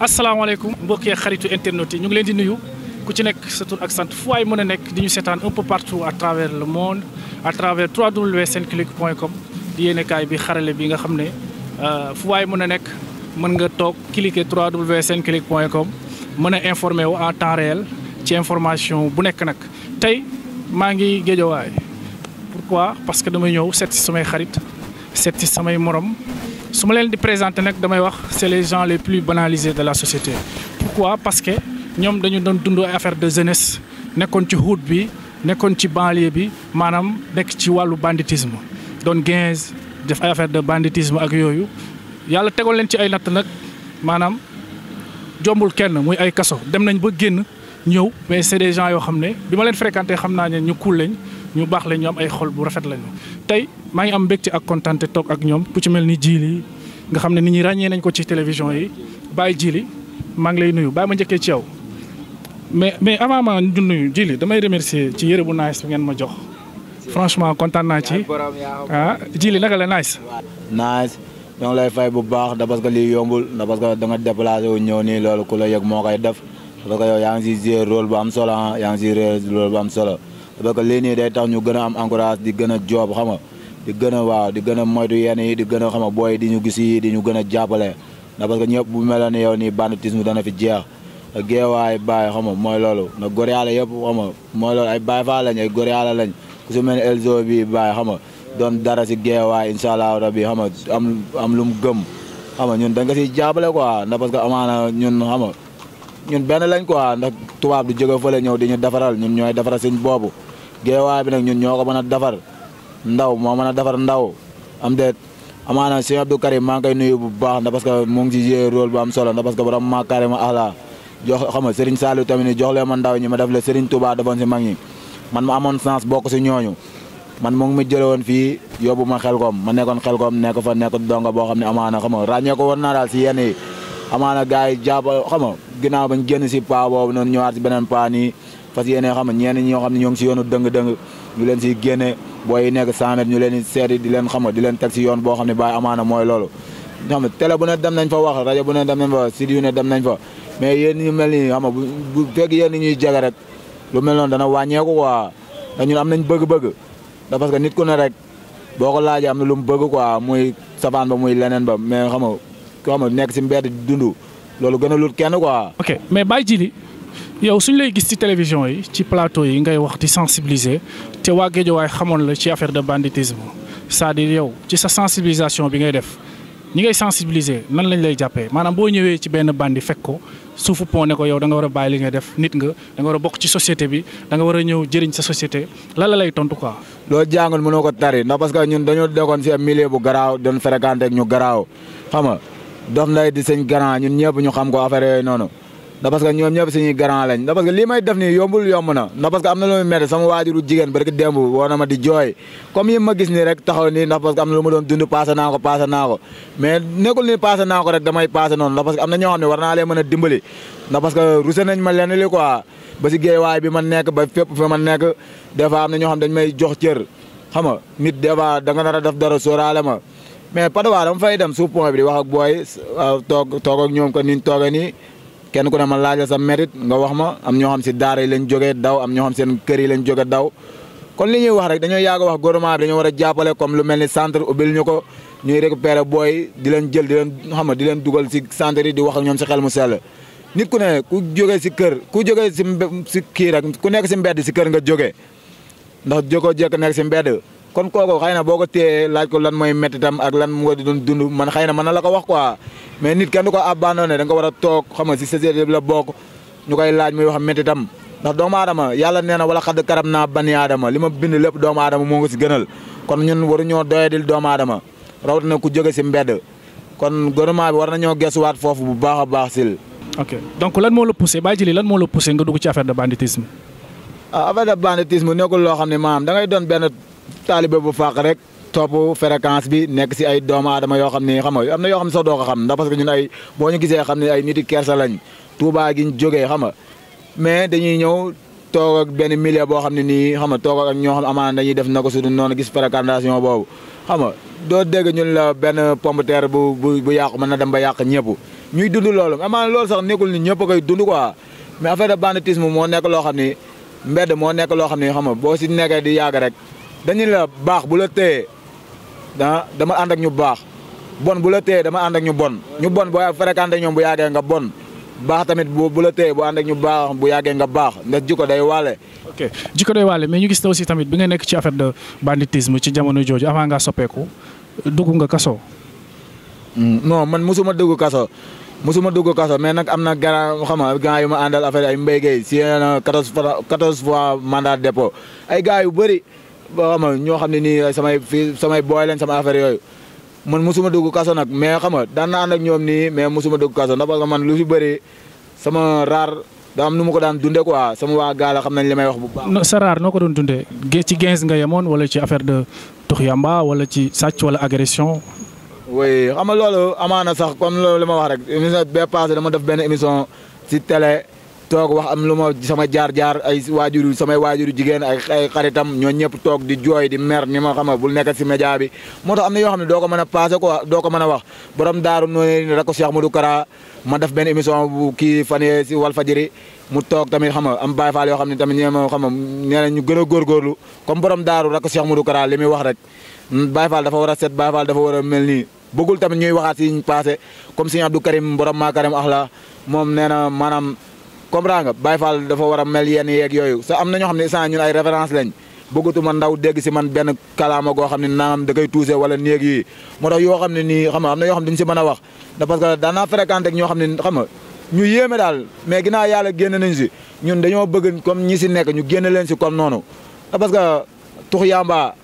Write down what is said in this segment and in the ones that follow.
asalaamaaleykum mbokkee xaritu internet yi ñu ngi leen di nuyu ku ci nekk sa tur ak sant fu waay mën a nekk di ñu seetaan un peu partout à travers le monde à travers www.senclic.com di yéenekaay bi xarale bi nga xam ne euh, fu waay mën a nekk mën nga toog cliquer www.senclic.com mën a informé wu en temps réel ci information bu nekk nag tey maa ngi géejawaay parce que damay ñëw set si samay xarit seet si samay morom su ma leen di présenté nag damay wax c'est les gens les plus banalisés de la société pourquoi parce que ñoom dañu doon dund ay affaire de jeunesse nekkoon ci route bi nekkoon ci banlieue bi maanaam nekk ci wàllu banditisme doon guinze def ay affaire de banditisme ak yooyu yàlla tegoon leen ci ay natt nag maanaam jombul kenn muy ay kaso dem nañ ba génn ñëw mais c'est des gens yoo xam ne bi ma leen fréquenté xam naa ne ñu kuul lañ ñu baax la ñu am ay xol bu rafet lañu tey maa ngi am mbégte ak kontante toog ak ñoom ku ci mel ni Djily nga xam ne nit ñi ràññee nañ ko ci télévision yi Baye Djily maa ngi lay nuyu bàyyi ma njëkkee ci yow. mais mais avant ma ñu nuyu Djily damay remercier ci yëre bu nice bi ngeen ma jox franchement kontaan naa ci ah Djily naka la nice. nice ñoo ngi lay fay bu baax da parce que lii yombul da parce que da nga déplacé ñëw nii loolu ku la yëg moo koy def parce ko yow yaa ngi si bu am solo ah, yaa ngi si solo. donc lii nii day tax ñu gën a am encourage di gën a joob xam nga di gën a waaw di gën a moytu yenn yi di gën a xam nga booy di ñu gis yi di ñu gën a jàppale ndax parce que ñëpp bu meloon ni yow nii banditisme dana fi jeex te géewaay baay xam nga mooy loolu na góor yàlla yëpp xam nga mooy loolu ay baay faa lañ ay góor yàlla lañ ku su mel ni Elzo bi baay xam nga doon dara si géewaay incha allah rabbi xam nga am am lu mu gëm xam nga ñun dañ ko siy jàppale quoi ndax parce que amaana ñun xam nga ñun benn lañ quoi ndax tubaab du jóge fële ñëw di defaral ñun ñooy defaral suñ boobu géewaay bi nag ñun ñoo ko mën a defar ndaw moo mën a defar ndaw am déet amaana sëñ Abdou Karim maa ngi koy nuyu bu baax ndax parce que mu ngi ci joué rôle bu am solo ndax parce que borom maa Karim ala jox xam nga Serigne Saliou tamit jox leen ma ndaw ñi ma def la Serigne Touba defoon si mag man ma amoon chance bokk si ñooñu man mu ngi ma jële woon fii yóbbu ma xelkom ma nekkoon xelkom nekk fa nekk donga boo xam ne amaana xam nga ko woon naa daal si yenn yi amaana gars yi jàpp fas yéene xam ñeen ñi ñoo xam ne si yoonu dëng-dëng ñu leen siy génne booy yi nekk 100 mètres ñu leen seeti di leen xam di leen teg si yoon boo xam ne bàyyi amaana mooy loolu xam télé bu ne dem nañ fa wax rajo bu ne fa site yu ne fa mais yéen ñu mel ni xam bu fekk yéen ñuy jege rek lu mel noonu dana wàññeeku quoi te ñun am nañ bëgg-bëgg da parce que nit ku ne rek boo ko laajee am na lu mu bëgg quoi muy safaan ba muy leneen ba mais xam nga xam nga nekk si mbedd dund loolu gën a kenn quoi. yow suñ lay gis ci télévision yi ci plateau yi ngay wax di sensibiliser te waa waay xamoon la ci affaire de banditisme cest à yow ci sa sensibilisation bi ngay def ñi ngay sensibiliser nan lañ lay jàppee maanaam boo ñëwee ci benn bandi fekk ko suufu pont ko yow da nga war a bàyyi li ngay def nit nga da nga war a bokk ci société bi danga war a ñëw jëriñ sa société lan la lay tontu quoi. loolu jàngul mënoo ko tari ndax parce que ñun dañoo dekkoon si milieu bu garaaw doon fréquenté ak ñu garaaw xam nga dof nday di sëñ grand ñun ñëpp ñu xam ko affaire yooyu noonu. da parce que ñoom ñëpp suñuy grand lañ da parce que lii may def nii yombul yomb na da parce que am na lu muy métti sama waajuru jigéen barki démb woo na ma di jooy comme yi ma gis nii rek taxaw nii ndax parce am na lu ma doon dund passé naa ko passé naa ko mais nekkul ni passé naa ko rek damay passé noonu da parce que am na ñoo xam ne naa leen mën a dimbali da parce que nañ ma lenn li quoi ba si géewaay bi ma nekk ba fépp fa ma nekk des am na ñoo xam may jox cër xam nga nit des a def dara sóoraale ma mais Patte d'Oie dama fay dem suuf point bi di wax ak booy toog toog ak ñoom ko niñ nii kenn ku ne ma laajal sa mérite nga wax ma am ñoo xam si daara yi lañ jógee daw am ñoo xam kër yi lañ jóge daw kon li ñuy wax rek dañoo yàgg wax gouvernement bi dañoo war a jàppale comme lu mel ni u bil ñu ko ñuy récupérer booy di leen jël di leen xam nga di leen dugal si centre di wax ak ñoom si xel mu sell nit ku ne ku joge si kër ku jógee si si kii rek ku nekk si mbedd si kër nga joge ndax jógoo jekk nekk si mbedd kon kooku xëy boo ko téyee laaj ko lan mooy méttitam ak lan moo di dund man xëy na na la ko wax quoi mais nit kenn du ko abandonné da war a toog xam nga si société bi la bokk ñu koy laaj muy wax méttitam ndax doomu aadama yàlla nee na wala xadd karam naa bani aadama li ma bind lépp doomu aadama moo ko si gënal kon ñun waruñoo doyadil doomu aadama rawatina ku jóge si mbedd kon gouvernement bi war nañoo gëstuwaat foofu bu baax a baax sil ok donc la poussé Baye Djily lan moo la poussé nga ah, loo xam ne maanaam da ngay doon benn taalibe bu fàq rek topp fréquence bi nekk si ay doomu aadama yoo xam ne xam nga am na yoo xam ne sax doo ko xam ndax parce que ñun boo ñu gisee xam ne ay nit yi kersa lañ Touba gi ñu xam nga mais dañuy ñëw toog benn milieu boo xam ne nii xam nga toog ak ñoo xam amaana dañuy def na ko sudu noonu gis fréquentation boobu xam nga doo dégg ñun la benn pomme ter bu bu bu yàqu mën na dem ba yàq ñëpp ñuy dund loolu amaana loolu sax nekkul ni ñëpp a koy dund quoi mais affaire de banditisme moo nekk loo xam ni mbedd moo nekk loo xam ne xam nga boo si nekkee di yàgg rek dañu la baax bu la téye ah dama ànd ak ñu baax bon bu la téye dama ànd ak ñu bon ñu bon boo fréquenté ñoom bu yàggee nga bon baax tamit bu bu la téye bu ànd ak ñu baax bu yàggee nga baax ndax jikko day waale. ok jikko day waale mais ñu gis na aussi tamit bi nga nekk ci affaire de banditisme ci jamono jooju avant nga soppeeku dugg nga kaso. Hmm, non man mosuma dugg kaso mosuma dugg kaso mais nag am na grand xam nga gars yu ma àndal affaire ay mbéy gay si quatorze fois quatorze fois mandat dépôt ay gars yu bëri. xam nga ñoo xam ne nii samay fii samay booy leen sama affaire yooyu man mosuma dugg kaso nag mais xam nga daan naa ànd ak ñoom nii mais mosuma dugg kaso ndax parce que man lu fi bëri sama raar daa nu mu ko daan dundee ko quoi sama waa gaala xam nañ li may wax bu baax. sa raar noo ko doon dundee ci gens nga yemoon wala ci affaire de tux wala ci sàcc wala agression. oui xam nga loolu amaana sax comme loolu li ma wax rek émission bee passé dama def benn émission si télé. toog wax am lu ma sama jaar-jaar ay waajuru samay waajuru jigéen ay ay xaritam ñoo ñëpp toog di jooy di mer ni ma xama bul nekk si média bi moo tax am na yoo xam ne doo ko mën a passé ko doo ko mën a wax borom daaru noonu ne rako Cheikh Ahmadou Kara ma def benn émission bu kii fan yee si Walfadjri mu toog tamit xam nga am Baye ma xam nga nee ñu gën a wax rek Baye Fall dafa war a set Baye Fall dafa war a mel nii bëggul tamit ñuy waxaat si ñu passé comme Serigne Abdou Karim borom maa Karim ax la moom nee na comprends nga Baye Fall dafa war a mel yenn yeeg yooyu sa am na ñoo xam ne sant ñun ay référence lañ bëggatuma ndaw dégg si man benn kalaama goo xam ne naam da koy tuuse wala néeg yi moo tax yoo xam ne nii xam nga am na yoo xam si mën a wax da parce que daanaa fréquenté ak ñoo xam ne mais ginnaaw yàlla génn nañ ñun dañoo bëgg comme ñi si nekk ñu génn leen si comme noonu da parce que tux yamba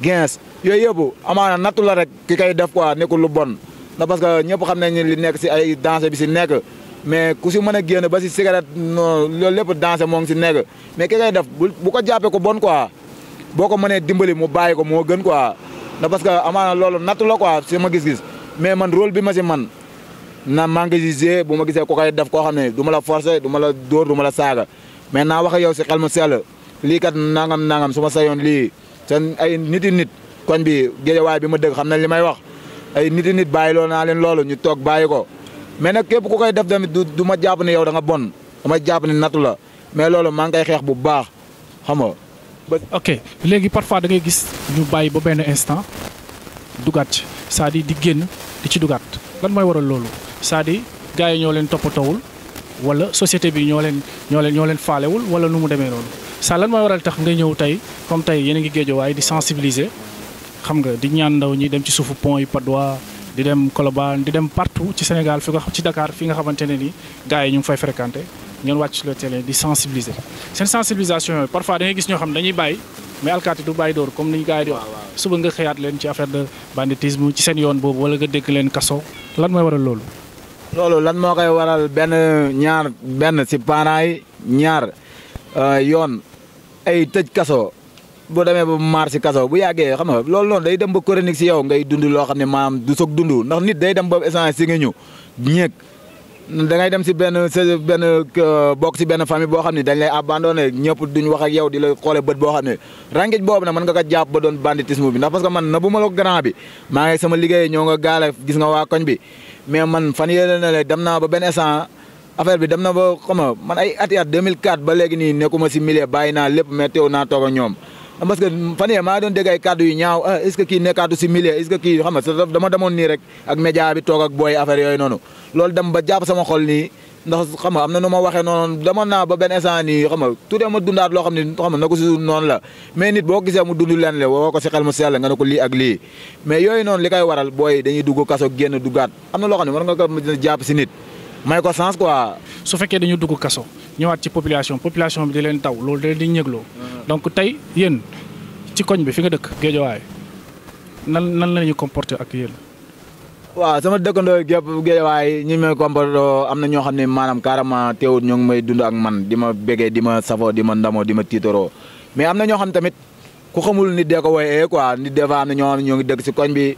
gens yooyu yëpp amaana nattu la rek ki koy def quoi nekkul lu bon da parce que ñëpp xam nañ ne li nekk si ay danse bi si nekk mais ku si mën a génn ba si cigarette lool loolu lépp dansé moo ngi si nekk mais ki ngay def bu ko jàppee ko bon quoi boo ko mënee dimbali mu bàyyi ko moo gën quoi da parce que amaana loolu natt la quoi si ma gis-gis mais man rôle bi ma si man na maa ngi gisee bu ma gisee ko koy def koo xam ne du ma la forcer du ma la dóor du ma la saaga mais naa wax ak yow si xel mu sell lii kat nangam nangam su ma sayoon lii seen ay nit i nit koñ bi géejawaay bi ma dëgg xam nañ li may wax ay nit i nit bàyyi loo naa leen loolu ñu toog bàyyi ko mais nag képp ku koy def tamit du du ma jàpp ne yow da bon damay jàpp ne natu la mais loolu maa ngi koy xeex bu baax xam nga. ok léegi parfois da ngay gis ñu bàyyi ba benn instant dugaat ci cest à di génn di ci dugaat lan mooy waral loolu c'est-à-dire gars yi ñoo leen toppatoowul wala société bi ñoo leen ñoo leen ñoo leen faalewul wala nu mu demee noonu saa lan mooy waral tax nga ñëw tey comme tey yéen a ngi waaye di sensibiliser xam nga di ñaan ndaw ñi dem ci suufu pont yi Patte d'Oie di dem Colobane di dem partout ci Sénégal fi nga xam ci Dakar fi nga xamante ne ni gars yi ñu ngi fay fréquenté ngeen wàcc sur le télé di sensibiliser seen sensibilisation yooyu parfois da gis ñoo xam ne dañuy bàyyi mais alkaati du bàyyi dóor comme ni ñu gars yi di wax suba nga xëyaat leen ci affaire de banditisme ci seen yoon boobu wala nga dégg leen kaso lan mooy waral loolu loolu lan moo koy waral benn ñaar benn si parents ñaar euh, yoon ay tëj kaso boo demee ba maar si kaso bu yàggee xam nga loolu noonu day dem ba chronique si yow ngay dund loo xam ne maam du soog dund ndax nit day dem ba essence si nga ñu ñeeg da ngay dem si benn sa benn bokk si benn famille boo xam ne dañ lay abandonné ñëpp duñ wax ak yow di la xoolee bët boo xam ne ràngeej boobu na mën nga ka jàpp ba doon banditisme bi ndax parce que man na bu ma la grand bi maa ngi sama liggéey ñoo nga gaale gis nga waa koñ bi mais man fan yéene na le dem naa ba benn essence affaire bi dem na ba xam nga man ay ati at 2004 léegi nii nekkuma si milieu bàyyi naa lépp mais naa toog ak parce que fan yee maa doon dégg ay kàddu yu ñaaw ah est-ce que kii nekkaatu si milieu rek ak média bi toog ak yooyu noonu loolu dem ba sama xol nii ndax xam nga am waxee noonu dama naa ba benn instant nii xam nga tuddee ma dundaat loo xam ne xam nga na ko si noonu la mais nit boo gisee mu dund leen le woo ko mu sell nga ne ak lii mais yooyu noonu li koy waral booy dañuy dugg kaso génn duggaat am na loo xam ne war nga si nit may ko sens quoi. su fekkee dañu dugg kaso ñëwaat ci population population bi di leen taw loolu da leen di ñëgloo donc tey yéen ci koñ bi fi nga dëkk géejawaay nan nan la ñuy comporter ak yéen. waaw sama dëkkandoo gépp géejawaay ñi may comporter am na ñoo xam ne maanaam carrément teewut ñoo ngi may dund ak man di ma bégee di ma safoo di ma ndamoo di ma tiitaroo mais am na ñoo xam tamit ku xamul nit dee ko wooyee eh, quoi nit de fois am na ñoo xam ñoo ngi dëkk si koñ bi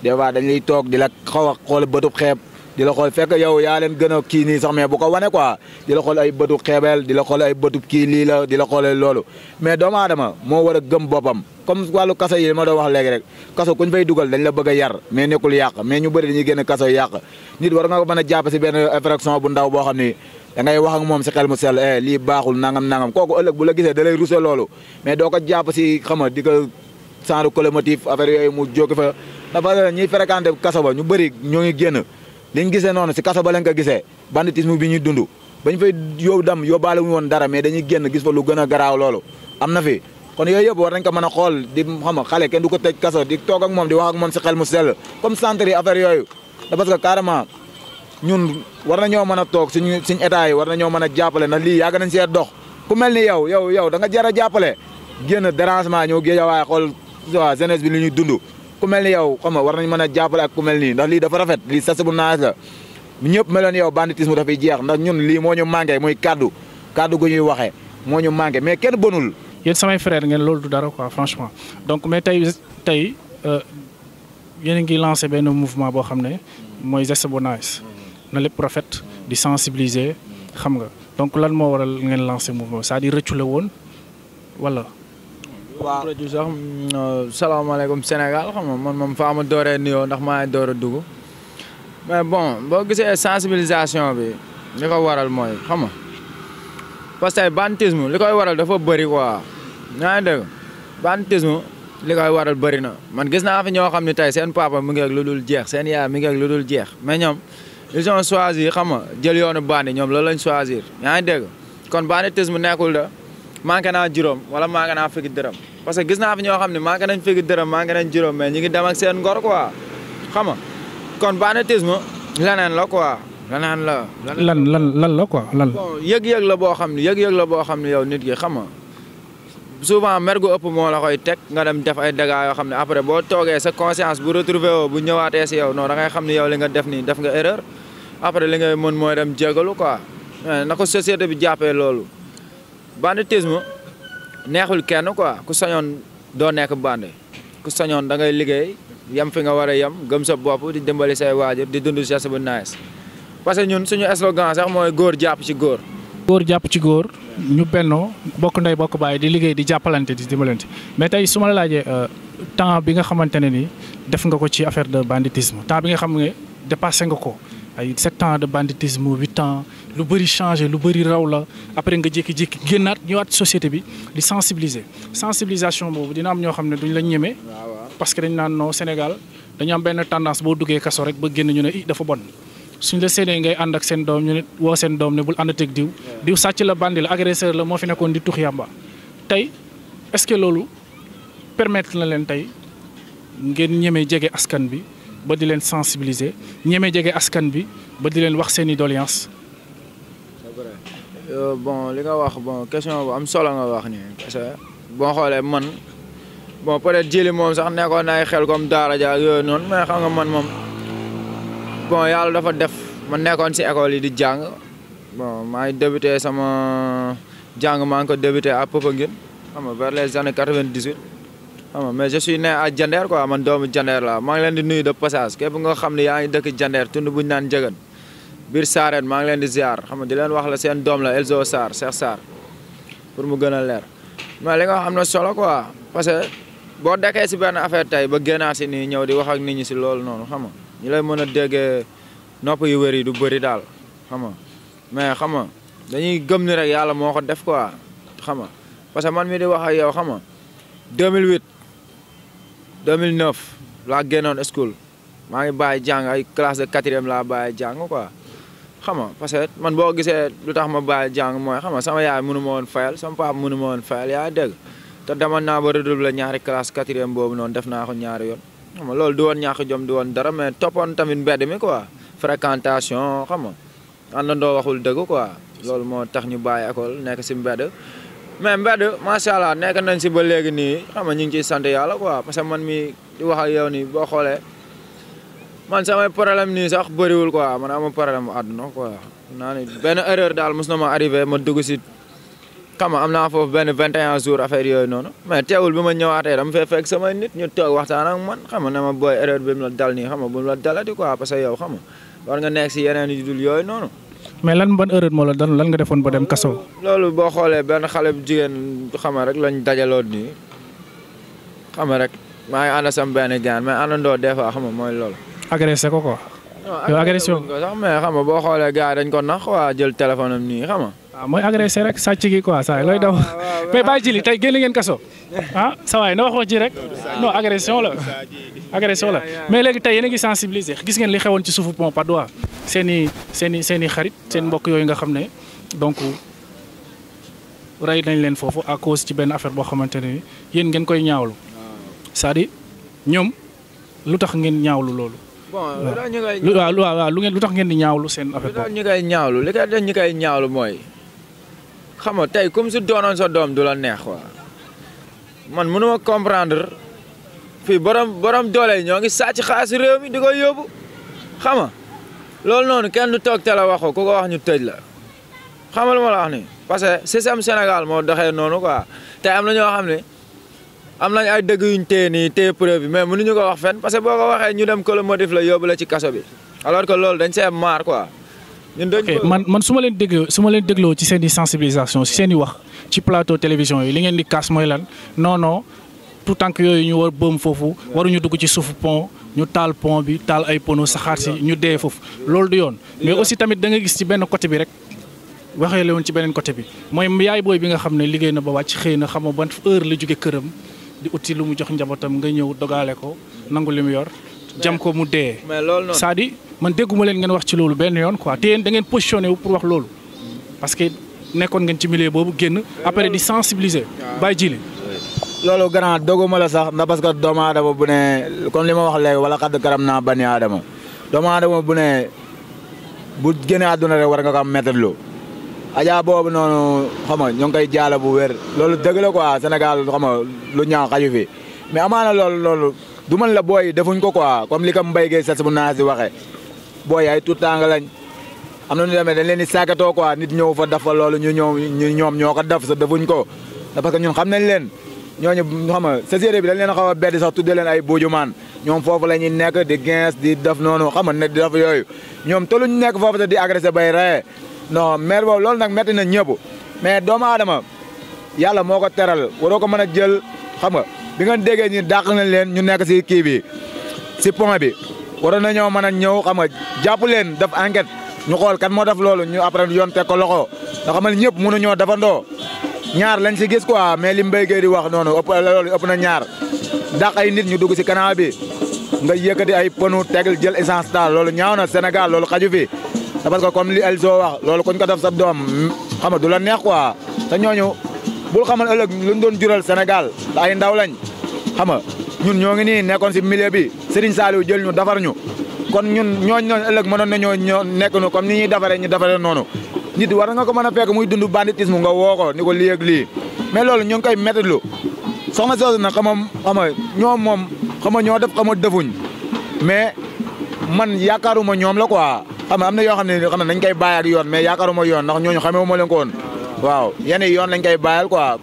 des fois dañ lay toog di la xaw a xool bëtub xeeb. di la xool fekk yow yaa leen gën a kii nii sax mais bu ko wane quoi di la xool ay bëtu xeebeel di la xool ay bëtu kii lii la di la xoolee loolu mais doomu aadama moo war a gëm boppam comme wàllu kaso yi ma doon wax léegi rek kaso kuñ fay dugal dañ la bëgg a yar mais nekkul yàq mais ñu bëri dañuy génn kaso yàq nit war nga ko mën a jàpp si benn infraction bu ndaw boo xam ni da ngay wax ak moom si xel mu sell eh lii baaxul nangam nangam kooku ëllëg bu la gisee dalay lay ruse loolu mais doo ko jàpp si xama di ko genre colomotif affaire yooyu mu jóge fa dafa ñuy fréquenté kaso ba bëri ñoo ngi génn liñ gisee noonu si kaso ba lañ ko gisee banditisme bi ñuy dund bañ fay dam dem yóbbaale wu woon dara mais dañuy génn gis fa lu gën a loolu am na fi kon yooyu yëpp war nañ ko mën a xool di xam a xale kenn du ko tëj kaso di toog ak moom di wax ak moom si xel mu sell comme centre yi affaire yooyu da parce que carrément ñun war nañoo mën a toog suñu suñu état yi war nañoo mën a jàppale na lii yàgg nañ see dox ku mel ni yow yow yow da nga jar a jàppale génn dérangement ñëw géej waaye xool waa jeunesse bi ñuy dund ku mel ni yow xam nga war nañ mën a jàppale ak ku nii ndax lii dafa rafet lii sas bu naaj la ñëpp meloon yow banditisme dafay jeex ndax ñun lii moo ñu manqué mooy kàddu kaddu gu ñuy waxee moo ñu manqué mais kenn bonul. yéen samay frère ngeen loolu du dara quoi franchement donc mais tey tey euh, yéen a ngi lancé benn mouvement boo xam ne mooy geste na lépp rafet di sensibiliser xam nga donc lan moo waral ngeen lancé mouvement c'est-à-dire rëccu la woon wala. waaw produit sax mm, euh, salaamaaleykum Sénégal xam nga man moom faa ma dooree nuyoo ndax maa ngi door a dugg mais bon boo gisee sensibilisation bi li ko waral mooy xam nga parce que banditisme li koy waral dafa bëri quoi yaa ngi dégg banditisme li koy waral bëri na man gis naa fi ñoo xam ne tey seen papa mu ngi ak lu dul jeex seen yaay mi ngi ak lu dul jeex mais ñoom ils ont choisi xam nga jël yoonu bandi ñoom loolu lañ choisir yaa ngi dégg kon banditisme nekkul da manqué naa juróom wala manqué naa fekki dërëm parce que gis naa fi ñoo xam ne manqué nañ fekki dërëm manqué nañ juróom mais ñu ngi dem ak seen ngor quoi xam nga kon banditisme leneen la quoi leneen la. lan lan lan la quoi lan. bon yëg-yëg la boo xam ne yëg-yëg la boo xam ne yow nit ki xam nga souvent mer gu ëpp moo la koy teg nga dem def ay dégâts yoo xam ne après boo toogee sa conscience bu retrouvé woo bu ñëwaatee si yow non da ngay xam ne yow li nga def nii def nga erreur après li ngay mën mooy dem jégalu quoi eh, na ko société bi jàppee loolu. banditisme neexul kenn quoi ku sañoon doo nekk bandi ku sañoon da ngay liggéey yem fi nga war a yem gëm sa bopp di dimbali say waajur di dund geste bu nice parce que ñun suñu slogan sax mooy góor jàpp ci góor. góor jàpp ci góor ñu bennoo bokk ndey bokk bàyyi di liggéey di jàppalante di dimbalante mais tey suma ma laajee euh, temps bi nga xamante ne ni def nga ko ci affaire de banditisme temps bi nga xam ne dépassé nga ko ay sept ans de banditisme huit temps lu bëri changé lu bëri raw la après nga jékki-jékki génnaat ñëwaat société bi di sensibiliser sensibilisation boobu dina am ñoo xam ne duñ la ñeme. parce que dañ naan non Sénégal dañu am benn tendance boo duggee kaso rek ba génn ñu ne i dafa bon. suñ la séenee ngay ànd ak seen doom ñu ne woo seen doom ne bul àndateeg diw diw sàcc la bandi la agresseur la moo fi nekkoon di tux yàmba tey est-ce que loolu permettre na leen tey ngeen ñemee jege askan bi ba di leen sensibiliser ñemee jege askan bi ba di leen wax seen i doléance Euh, bon li nga wax bon question bu am solo nga wax ni parce que boo xoolee man bon peut-être jëli moom sax nekkoon na xel kom daara ja ak yooyu noonu mais xam nga man moom bon yàlla dafa def ma nekkoon si école yi di jàng bon maa ngi débuté sama jàng maa ngi ko débuté a Popenguine xam nga vers les années quatre-vingt-dix-huit xam nga mais je suis né à Diender man doomu Diender laa maa ngi leen di nuyu de passage képp nga xam ne yaa ngi dëkk Diender tund buñ naan Njëgën biir saareen maa ngi leen di ziar xam nga di leen wax la seen doom la Elzo Sarr Cheikh Sarr pour mu gën a leer mais li nga am na solo quoi parce que boo dekkee si benn affaire tey ba génnaa si nii ñëw di wax ak nit ñi si loolu noonu xam nga ñu lay mën a déggee nopp yu wér yi du bëri daal xam nga mais xam nga dañuy gëm ni rek yàlla moo ko def quoi xam nga parce que man mi di wax ak yow xam nga 2008 2009 laa génnoon school maa ngi bàyyi jàng ay classe de quatrième laa bàyyi jàng quoi xam nga parce que man boo gisee lu tax ma bàyyi jàng mooy xam nga sama yaay mënu ma woon fayal sama papa mënu ma woon fayal yaa dégg te demoon naa ba redoubler ñaari classe quatrième boobu noonu def naa ko ñaari yoon xam nga loolu du woon ñàkk jom du dara mais toppoon tamit mbedd mi quoi fréquentation xam nga àndandoo waxul dëgg quoi moo tax ñu bàyyi école nekk si mbedd mais mbedd macha allah nekk nañ si ba léegi nii xam nga ñu ngi ciy sant yàlla quoi parce que man mi di wax ak yow man samay problème nii sax bëriwul quoi man amul problème mu àdduna quoi benn erreur daal mos na ma arriver ma dugg si xam am naa foofu benn 21 jours affaire yooyu noonu mais teewul bi ma ñëwaatee dama fee fekk samay nit ñu xam ne ma booy erreur bi mu la dal nii xam nga bu yeneen yooyu noonu. mais lan ban erreur moo la dal lan nga defoon ba dem kaso. loolu boo xoolee benn xale bu jigéen xama rek lañ dajaloon nii xama rek maa ngi ànd sam benn gaan mais àndandoo des fois xam nga mooy loolu. agressé ko agression ko sax mais xam boo xoolee gars dañ ko nax waa jël téléphone am nii xam nga. waaw ah, mooy agressé rek sàcc gi quoi saa looy daw ah, mais bàyyi jili tey génn ngeen kaso ah sa waay na waxoon ci rek non agression la la mais léegi tey yéen a ngi gis ngeen li xewoon ci suufu pont Padois seen i seen seen i xarit seen mbokk yooyu nga xam ne donc rey nañ leen foofu à cause ci benn affaire boo xamante ne yéen ngeen koy ñaawlu ah. c'est-à-dire ñoom lu tax ngeen ñaawlu loolu bon lu ñu koy. waaw waaw lu ngeen lu tax ngeen di ñaawlu seen affaire boobu. ñu li koy def ñu koy ñaawlu mooy xam nga tey comme su doonoon sa du la neex quoi man mënuma comprendre fii borom borom doole ñoo ngi sàcc xaalis réew mi di ko yóbbu xam nga loolu noonu kenn du toog te la waxoo ku ko wax ñu tëj la xamal ma la wax ni parce que système Sénégal moo doxee noonu quoi tey am na ñoo xam ne. am nañ ay dëgg yuñ téye nii téye preuve bi mais mënuñu ko wax fenn parce que boo ko waxee ñu dem kolo motif la yóbbu la ci kaso bi alors que loolu dañ see maar quoi. man man su ma leen dégloo su ma leen dégloo ci seen i sensibilisation ci seen i wax ci plateau télévision yi li ngeen di kaas mooy lan non non tànk yooyu ñu war bëm foofu waruñu dugg ci suuf pon ñu taal pont bi taal ay pono saxaar si ñu dee foofu loolu du yoon. mais aussi tamit da gis ci benn côté bi rek. waxee la woon ci beneen côté bi mooy yaay booy bi nga xam ne liggéey na ba wàcc xëy na xam ban heure la jóge këram. di uti lu mu jox njabootam nga ñëw dogaale ko nangu li mu yor. jam ko mu dee. mais loolu noonu cest à man dégguma leen ngeen wax ci loolu benn yoon quoi te yéen da ngeen positionné wu pour wax loolu. parce que nekkoon ngeen ci milieu boobu génn. après di sensibiliser. bàyyi ji li loolu grand doguma la sax ndax parce que doomu aadama bu ne comme li ma wax léegi wala xadd karam naa bani aadama doomu aadama bu ne bu génnee àdduna rek war nga ko am météo. ajaa boobu noonu xam nga ñoo ngi koy jaala bu wér loolu dëgg la quoi Sénégal xam nga lu ñaaw xaju fi mais amaana loolu loolu du man la booy defuñ ko ko a comme li ko Mbaye Guèye Sess bu naas di waxee booy ay tout temps lañ am na ñu demee dañ leen di saakatoo nit ñëw fa def fa loolu ñu ñoom ñu ñoom ñoo ko def sa defuñ ko parce que ñun xam nañ leen ñooñu xam nga société bi dañ leen xaw a bedd sax tuddee leen ay buujumaan ñoom foofu la ñuy nekk di gens di def noonu xam na ne di def yooyu ñoom toluñ nekk foofu sax di agressé bay ree non maire boobu loolu nag metti na ñëpp mais doomu aadama yàlla moo ko teral waroo ko mën a jël xam nga bi nga déggee ñi dàq nañ leen ñu nekk si kii bi si pont bi waroon nañoo mën a ñëw xam nga jàpp leen def enquête ñu xool kan moo def loolu ñu après yoon teg ko loxo nga xamal ñëpp ñoo defandoo ñaar lañ si gis quoi mais li mbéy di wax noonu ëpp loolu ëpp na ñaar dàq ay nit ñu dugg si canal bi nga yëkkati ay pënu tegal jël essence taal lool ñaaw na Sénégal loolu xaju fi te parce que li Elzo wax loolu kuñ ko def sa doom xam nga du la neex ko quoi te ñooñu bul xamal ëllëg luñ doon jural senegal te ay ndaw lañ xam nga ñun ñoo ngi nii nekkoon si milieu bi Serigne Saliou jël ñu defar ñu. kon ñun ñooñ ñooñu ëllëg mënoon nañoo ñoo nekk nu comme ni ñuy defaree ñu defaree noonu nit war nga ko mën a fekk muy dund banditisme nga woo ko ni ko lii ak lii mais loolu ñu ngi koy méttitlu soxna soosu nag xam nga ñoom moom xam nga ñoo def xam nga defuñ mais man yaakaaruma ñoom la quoi. xam nga am na yoo xam ne yoo xam ne nañ koy bàyyi ak yoon mais yaakaaruma yoon ndax ñooñu xamee wu leen ko waaw yenn yoon lañ koy bàyyal quoi.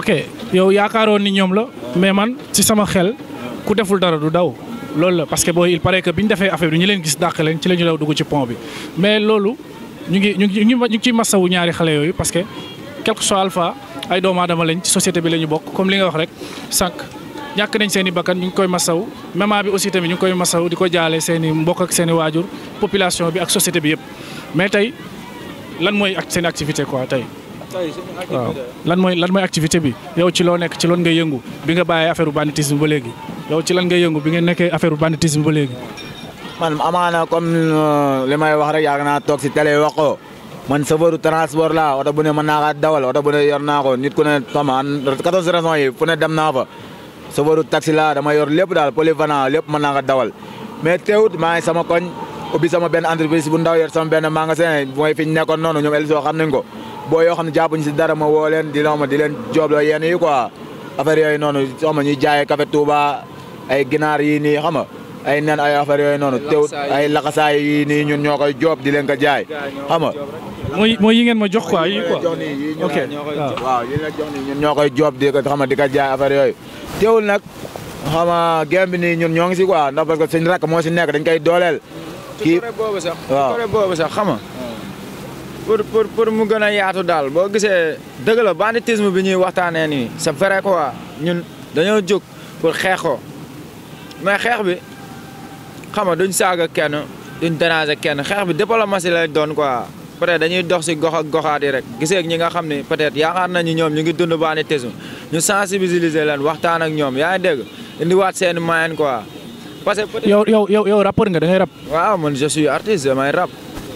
ok yow yaakaaroon ni ñoom la mais man ci sama xel ku deful dara du daw loolu la parce que booy il paraît que bi ñu defee affaire bi ñu leen gis dàq leen ci la ñu daw dugg ci pont bi mais loolu ñu ngi ñu ngi ñu ngi ciy masawu ñaari xale yooyu parce que quelque soit alpha ay doomu aadama lañ ci société bi la ñu bokk comme li nga wax rek sànq ñàkk nañ seen i bakkan ñu ngi koy masaw maman bi aussi tamit ñu ngi koy masaw di ko jaale seeni i mbokk seen i waajur population bi ak société bi yëpp mais tey lan mooy ak seen activité quoi tey. waaw lan mooy lan mooy activité bi yow ci loo nekk ci loon ngay yëngu bi nga bàyyee affaire banditisme ba léegi yow ci lan ngay yëngu bi nga nekkee affaire banditisme ba léegi. man amaana comme euh, li may wax rek yàgg naa toog si télé wax ko man chauffeur transport la oto bu ne mën naa kaa dawal oto bu ne yor naa ko ne xam 14 raisons dem naa fa. chauffeur taxi laa ma yor lépp daal polyvalent lépp mën naa ko dawal mais teewut maa sama koñ ubbi sama benn entreprise bu ndaw yor sama benn magasin mooy fi ñu nekkoon noonu ñoom Elzo xam nañ ko boo yoo xam ne jàppuñ si dara ma woo leen di la ma di leen joobloo yenn yi quoi affaire yooyu noonu xam nga ñuy jaayee café Touba ay ginaar yii nii xam nga ay nen ay affaire yooy noonu tew ay laxasaay yii nii ñun ñoo koy joob di leen ko jaay xam nga mooy mooy yi ngeen ma jox quoi yi ah. waaw yi ñoo koy joob di ko xam nga di ko jaay affaire yooyu teewul nag xama game bi nii ñun ñoo ngi si quoi ndax parce que suñu rakk moo si nekk dañ koy dooleel. kii boobu sax waaw boobu sax xam nga pour pour pour mu gën a yaatu daal boo gisee dëgg la banditisme bi ñuy waxtaanee nii c'est vrai quoi ñun dañoo jóg pour xeex ko mais xeex bi xam nga duñ saaga kenn duñ déranger kenn xeex bi diplomatie lay doon quoi. peut-être dañuy dox si gox ak goxaat yi rek gisee ak ñi nga xam ne peut-être nañu ñoom ñu ngi dund baani tesu ñu sensibiliser leen waxtaan ak ñoom yaa dégg indiwaat seen moyen quoi. parce que peut-être nga da ngay rap. waaw man je suis artiste damay rap.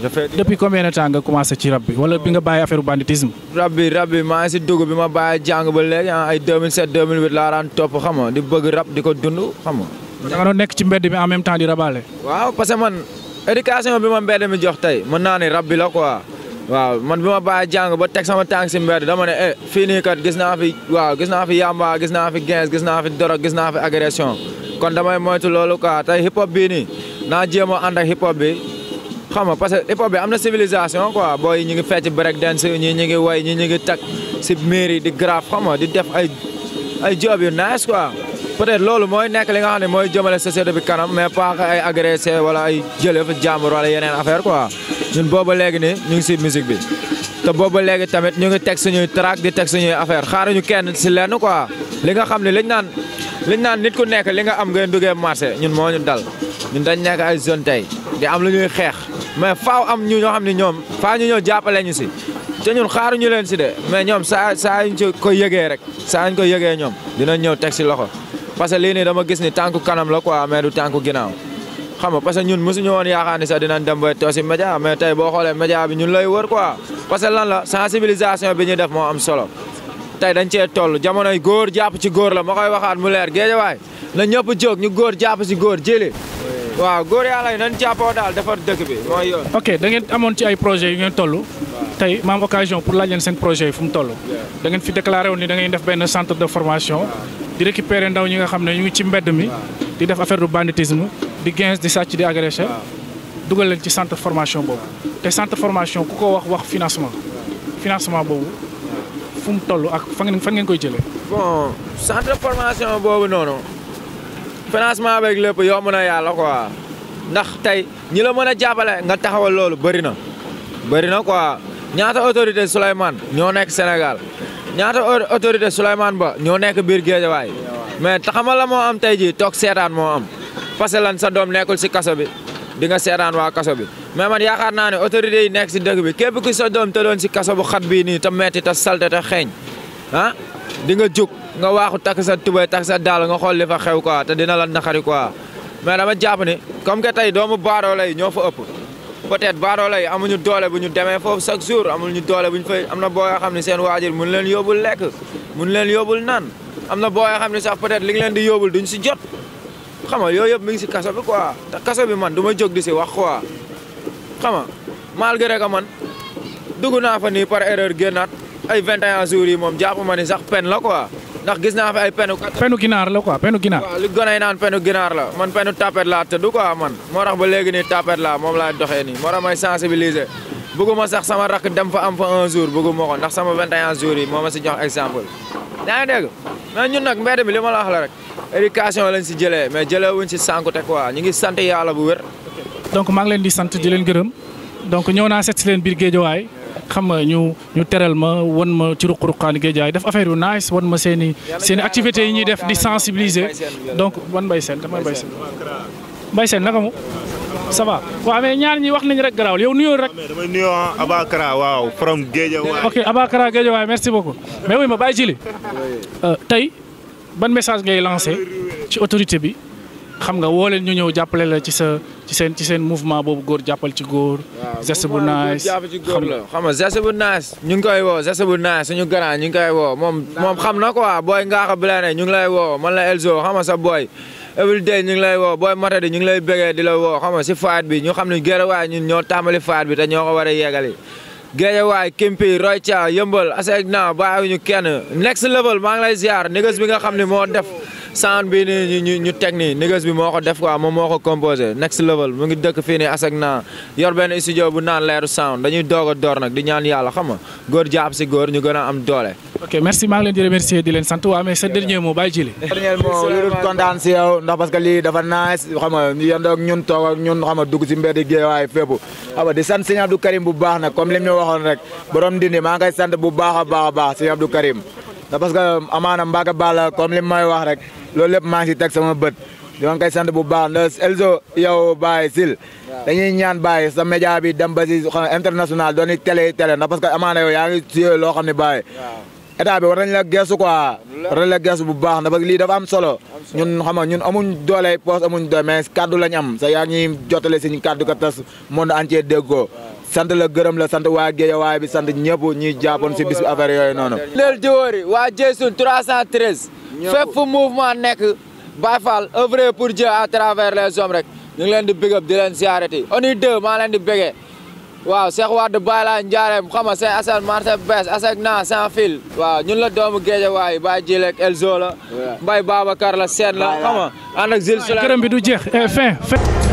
depuis nga commencé ci rap bi wala bi nga bàyyi affaire banditisme. rap bi rap bi maa ngi si dugg bi ma bàyyi jàng ba léegi ah, ay 2007 2008 laa daan topp xam di bëgg rap di ko dund xam nga. da nga éducation bi ma mbedd mi jox tey mën naa ne rab bi la quoi waaw man bi ma bàyyi jàng ba teg sama tànk si mbedd dama ne eh fii nii kat gis naa fi waaw gis naa fi yamba gis naa fi gens gis naa fi dorog gis naa fi agression kon damay moytu loolu quoi tey hip hop bii nii naa jéem a ànd ak hip hop bi xam nga parce que hip bi am na civilisation quoi booy yi ñu ngi fecc break dance ñii ñu ngi way ñii ñu ngi tag si mairie di graf xam di def ay ay job yu peut-être loolu mooy nekk li nga xam ne mooy jëmale société bi kanam mais pas ay agressé wala ay jëlee fa jàmbur wala yeneen affaire quoi ñun booba léegi ni ñu ngi si musique bi te booba léegi tamit ñu ngi teg suñuy track di teg suñuy affaire ñu kenn si lenn quoi li nga xam ne liñ naan liñ naan nit ku nekk li nga am ngay duggee marché ñun moo ñu dal ñun dañ nekk ay zone tey di am lu ñuy xeex mais faaw am ñu ñoo xam ne ñoom faa ñu ñoo jàppale ñu si te ñun xaaruñu leen si de mais ñoom saa saa ñu ci ko yëgee rek saa ko yëgee ñoom dina ñëw teg si loxo parce que lii dama gis ni tànku kanam la quoi mais du tànku ginnaaw xam nga parce que ñun mosuñu woon yaakaar ni sax dinañ dem ba toosi média mais tey boo xoolee média bi ñun lay wër quoi parce lan la sensibilisation bi ñuy def moo am solo tey dañ cee toll jamonoy góor jàpp ci góor la moo koy waxaat mu leer géejawaay na ñëpp jóg ñu góor jàpp si góor jëli waaw góor yaa yi nañ jàppoo daal defar dëkk bi mooy yoon. ok da ngeen amoon ci ay projet yu ngeen toll. tey ma am occasion pour laaj leen projet fu mu toll. da ngeen fi déclaré woon ni formation. di récupérer ndaw ñi nga xam ne ñu ngi ci mbedd mi di def affaire du banditisme di gens di sàcc di agressé dugal leen ci centre formation boobu te centre formation ku ko wax wax financement financement boobu fu mu toll ak fan ngeen fan ngeen koy jëlee. bon centre formation boobu noonu financement beeg lépp yomb na yàlla quoi ndax tey ñi la mën a jàppale nga taxawa loolu bëri na bëri na quoi ñaata autorité Souleymane ñoo nekk Sénégal ñaata autorité Souleymane Ba ñoo nekk biir Géejawaay mais taxama la moo am tey ji toog seetaan moo am parce que lan sa doom nekkul si kaso bi di nga seetaan waa kaso bi mais man yaakaar naa ne autorité yi nekk si dëkk bi képp ku sa doom tëddoon si kaso bu xat bii nii te metti te salte te xeeñ ah di nga jóg nga waaxu takk sa tubay takk sa daal nga xool li fa xew quoi te dina la naxari quoi mais dama jàpp ni comme que tey doomu baaroo lay ñoo fa ëpp peut-être baadoola yi amuñu doole bu ñu demee foofu chaque jour ñu doole bu ñu fay am na boo yoo xam ne seen waajur mun leen yóbbul lekk mun leen yóbbul naan am na boo yoo xam ne sax peut-être li nga leen di yóbbul duñ si jot xam nga yooyu yëpp mi ngi si kaso bi quoi te kaso bi man du ma jóg di si wax quoi xam nga malgré que man dugg naa fa nii par erreur génnaat ay 21 jours yi moom jàpp ma ni sax pen la quoi. ndax gis naa fi ay penu. penu ginaar la quoi penu ginaar. waaw li gën a naan penu ginaar la man penu tapet laa tëdd quoi man moo tax ba léegi nii moom laay doxee nii moo tax may sensibiliser bëgguma sax sama rakk dem fa am fa un jour bëgguma ko ndax sama 21 jours yi moo ma si jox exemple. yaa ngi dégg ñun nag mbedd mi li ma la la rek éducation lañ si jëlee mais jëlee wuñ si sànkute quoi ñu ngi sant yàlla bu wér. donc maa ngi leen di sant di leen gërëm donc ñëw naa seet si leen biir Géejawaay xam nga ñu ñu teral ma wan ma ci ruq-ruqaan Géejawaay def affaire yu nice wan ma seeni i seen i yi ñuy def di sensibiliser donc wan Mbaye seen damay Mbaye Sène Mbaye Sène naka mu ça mais ñaar ñi wax nañ rek garaawul yow nuyoo rek. damay nuyoo ah, Abakara waaw from Géejawaay. ok Abakara Géejawaay merci beaucoup mais wuy ma bàyyi ci li euh, tey ban message ngay lancé ci autorité bi. xam nga woo leen ñu ñëw jàppale la ci sa ci seen ci seen mouvement boobu góor jàppal ci góor. geste bu nice xam nga xam nga geste bu nice ñu ngi koy woo geste bu nice suñu grand ñu ngi koy woo moom moom xam na ko quoi booy Ngaka Blindé ñu ngi lay woo man la Elzo xam nga sa booy. everyday ñu ngi lay woo booy Matadi ñu ngi lay bëggee di la woo xam nga si faat bi ñu xam ne Guédiawaye ñun ñoo tàmbali faat bi te ñoo ko war a yegali. Guédiawaye Kimpi Roy Thia yëmbal Aseg na bàyyiwuñu kenn next level maa ngi lay ziar négas bi nga xam ne moo def sant bi nii ñu ñu teg nii Niggas bi moo ko def quoi moom moo ko composé next level mu ngi dëkk fii nii asak naa yor benn studio bu naan leeru sound dañuy doog a door nag di ñaan yàlla xam nga góor jàpp si góor ñu gën a am doole. ok maa ngi leen di remercier di leen sant waa mais sa dernier mot bàyyi jili. dernier lu dul kontaan si yow ndax parce que lii dafa nice xam nga yendoo ak ñun toog ak ñun xam nga dugg si mbedd géewaay fépp xam nga di sant Serigne du Karim bu baax na comme li ñu waxoon rek borom dindi maa ngay sant bu baax a baax a baax Serigne Abdou te parce que um, amaana Mbacké Balla comme li may wax loolu lépp maa ngi si teg sama bët di ma koy sant bu baax ndax Elzo yow Baye Sil dañuy ñaan Baye sa média bi dem ba si international doon télé télé ndax parce que amaana yow yaa ngi suyee loo xam ne Baye état bi war nañ la geesu quoi war nañ la geesu bu baax ndax parce lii dafa am solo ñun xam nga ñun amuñ doole poos amuñ doole mais kaddu lañ am sa yaa ngi ñuy jotale suñu kaddu ka tas monde entier dégg ko sant la gërëm la sant waa Géejawaay bi sant ñëpp ñi jàppoon si bis bi affaire noonu. leel Diori waa Jeysun 313. fépp fu mouvement nekk Baye Fall œuvrer pour Dieu à travers les hommes rek ñu ngi leen di big up di leen siyaarati ONU 2 maa leen di bégee waaw Cheikh Wade Baye laa Ndiarème xam nga Cheikh Assane Martin Bes Assane na sans fil. waaw ñun la doomu Géejawaay Baye Jilek Elzo la. Mbaye Babacar la Sène la xam nga ànd ak Zil bi du jeex euh, fin fin.